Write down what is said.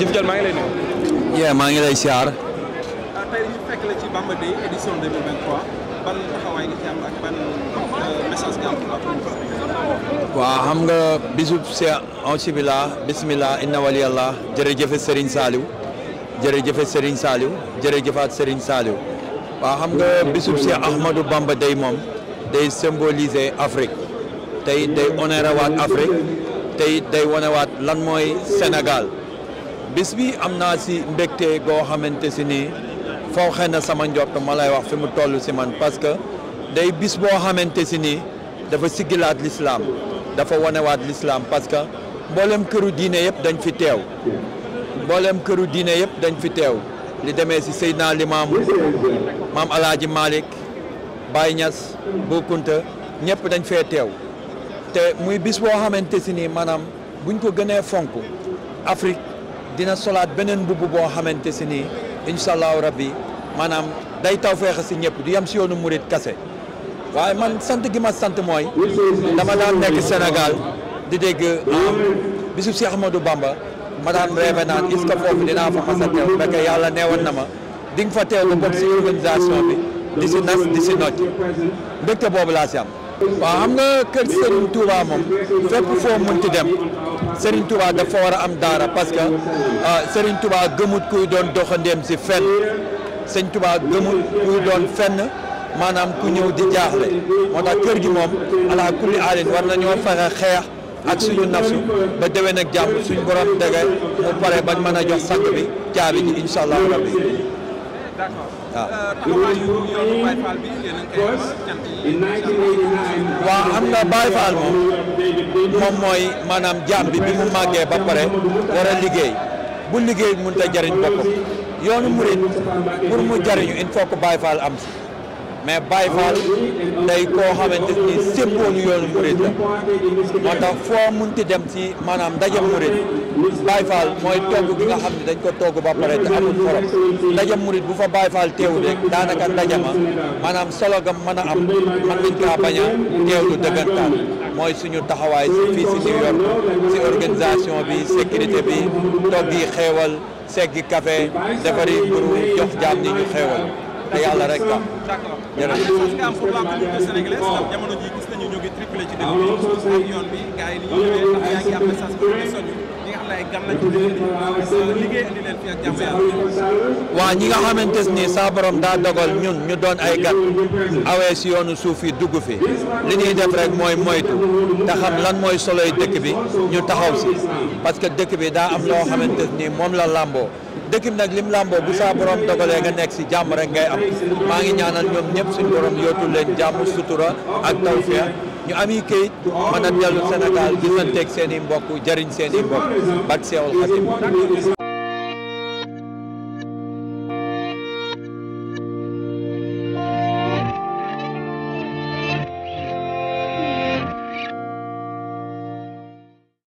Jëf Jël maa ngi lay nuyu. yee maa ngi lay siyaar. Ah, tey ñu fekk la ci Bamba Day édition 2023 ban taxawaay nga ci am ak ban euh, message nga am waaw xam nga bisub se ansibila bismillah inna waliyallah jërëjëfe Serigne Saliou jërëjëfe xam nga bisub se Ahmadou Bamba Day moom day symboliser Afrique tey day honorer Afrique tey day wane lan mooy senegal bis bi am naa si mbégte goo xamante si nii foo xëy na sama njott ma lay wax fi mu toll si man parce que day bis boo xamante si nii dafa siggilaat lislaam dafa wanewaat lislaam parce que mboolem këru diine yëpp dañ fi teew mboolem këru diine yëpp dañ fi teew li demee si Seydina Limaamu maam Alaaji Malick Baye Niass Boukounta ñëpp dañ fee teew te muy bis boo xamante si nii maanaam buñ ko gënee fonk Afrique dina solaat beneen mbubb boo xamante si nii incha allahu rabbi maanaam day taw feexa si ñëpp di yem si yoonu murit kase waaye man sant gi ma sant mooy dama daan nekk Sénégal di dégg ah, bisu Cheikh du Bamba ma daan rêvé naan est-ce que foofu dinaa fa mas a teew fekk yàlla neewoon na ma di fa teew ba bokk si organisation bi di si nas di si nocc mbégte boobu laa si am waaw xam nga kër Serigne Touba moom fépp foo mënti dem Serigne Touba dafa war a am daara parce que ah, Serigne Touba gëmut kuy doon doxandeem si fenn sëñ Touba gëmut kuy doon fenn maanaam ku ñëw di jaaxle moo tax kër gi moom ala kulli alin war nañoo fexe xeex ak suñu nafsu ba déwén ak jàmm suñ borom dege mu pare bañ mën a jox sàkk bi caabi ji incha rabbi Ah. waaw. waaw xam nga Baye moom moom mooy maanaam jaam bi bi mu màggee ba pare war a liggéey bu liggéey mënut jariñ boppam yoonu murit pour mu jariñu il faut que Baye Fall am si. mais Baye Fall day koo xamante ni séppoonu yoonu murid la moo tax foo munti dem ci maanaam ndaje murid Baye mooy togg gi nga xam ne dañ ko togg ba pare te amul xorom ndaje murid bu fa Baye Fall teewul rek daanaka ndaje ma maanaam solo gam mën a am man nañ kaa bañ a teewlu dëggantaan mooy suñu taxawaay fii si New York si organisation bi sécurité bi togg yi xeewal seggi café defari mburu jox jaam ñi ñu xeewal te rek tax. jërëjëf ngi triplé ci dëkk bi ah, ñi nga xam ne saa borom daa dogal ñun ñu doon ay gan awee si yoonu suuf yi dugg fi li ñuy def rek mooy moytu te xam lan mooy soloy dëkk bi ñu taxaw si parce que dëkk bi daa am loo xamante ni moom la làmboo dëkk bi nag lim làmboo bu saa borom dogalee nga nekk si jàmm rek ngay am maa ngi ñaanal ñoom ñëpp suñu borom yootul leen jàmm sutura ak tawfeex ñu ami këyit mën a dellu Sénégal gisanteeg seen i mbokk jëriñ seen i mbokk bat seewul xatim